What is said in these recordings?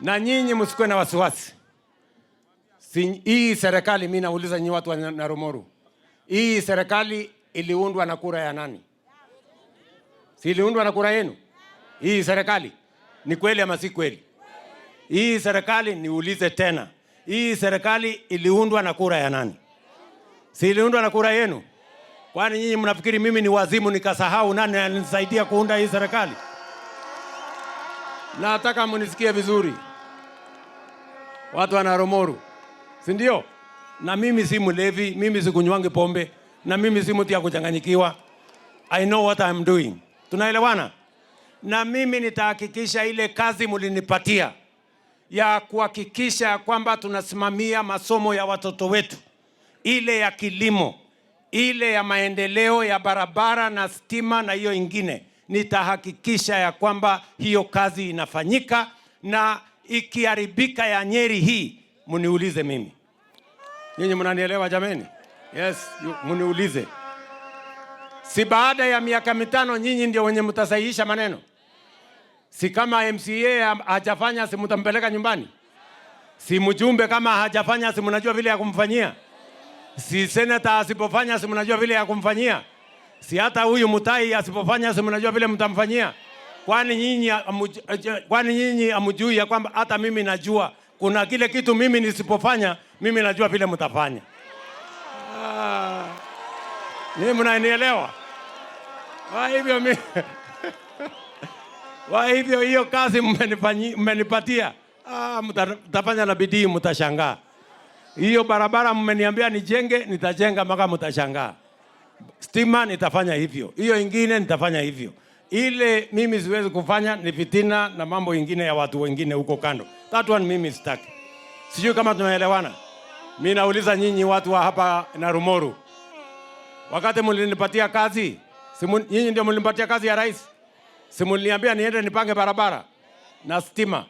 na nyinyi msikuwe na wasiwasi. Hii serikali mi nauliza nyinyi watu wa narumoru hii serikali iliundwa na kura ya nani? Si iliundwa na kura yenu? Hii serikali ni kweli ama si kweli? Hii serikali niulize tena, hii serikali iliundwa na kura ya nani? Si iliundwa na kura yenu? Kwani nyinyi mnafikiri mimi ni wazimu nikasahau nani ananisaidia kuunda hii serikali? nataka munisikie vizuri. Watu wa Naramoru, si ndio? Na mimi si mlevi, mimi sikunywangi pombe, na mimi si mtu ya kuchanganyikiwa. I know what I'm doing. Tunaelewana? Na mimi nitahakikisha ile kazi mulinipatia ya kuhakikisha kwamba tunasimamia masomo ya watoto wetu, ile ya kilimo, ile ya maendeleo ya barabara na stima na hiyo ingine nitahakikisha ya kwamba hiyo kazi inafanyika, na ikiharibika ya Nyeri hii mniulize mimi. Nyinyi mnanielewa jameni? Yes, mniulize. Si baada ya miaka mitano nyinyi ndio wenye mtasahihisha maneno? Si kama MCA hajafanya, si mtampeleka nyumbani? Si mjumbe kama hajafanya, si mnajua vile ya kumfanyia? Si seneta asipofanya, si mnajua vile ya kumfanyia? Si hata huyu Mutai asipofanya si mnajua vile mtamfanyia? Kwani nyinyi kwani nyinyi amjui ya kwamba hata mimi najua kuna kile kitu mimi nisipofanya mimi najua vile mtafanya. Ah. Ni mnanielewa? Kwa hivyo mimi Kwa hivyo hiyo kazi mmenipatia. Ah, mtafanya na bidii mtashangaa. Hiyo barabara mmeniambia nijenge, nitajenga mpaka mtashangaa stima nitafanya hivyo, hiyo ingine nitafanya hivyo. Ile mimi siwezi kufanya ni fitina na mambo ingine ya watu wengine huko kando. That one mimi sitaki. Sijui kama tunaelewana. Mimi nauliza nyinyi watu wa hapa na Narumoru, wakati mlinipatia kazi, nyinyi ndio mlinipatia kazi ya rais, simuliambia niende nipange barabara na stima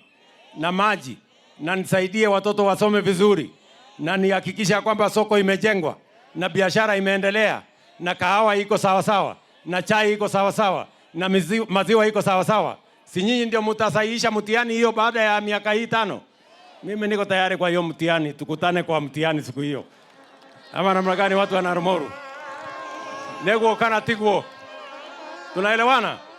na maji na nisaidie watoto wasome vizuri na nihakikisha kwamba soko imejengwa na biashara imeendelea na kahawa iko sawasawa na chai iko sawasawa na maziwa iko sawa sawa si nyinyi ndio mutasahihisha mtihani hiyo baada ya miaka hii tano? Mimi niko tayari kwa hiyo mtihani, tukutane kwa mtihani siku hiyo. Ama namna gani? Watu wana Rumoru neguo kana tiguo, tunaelewana?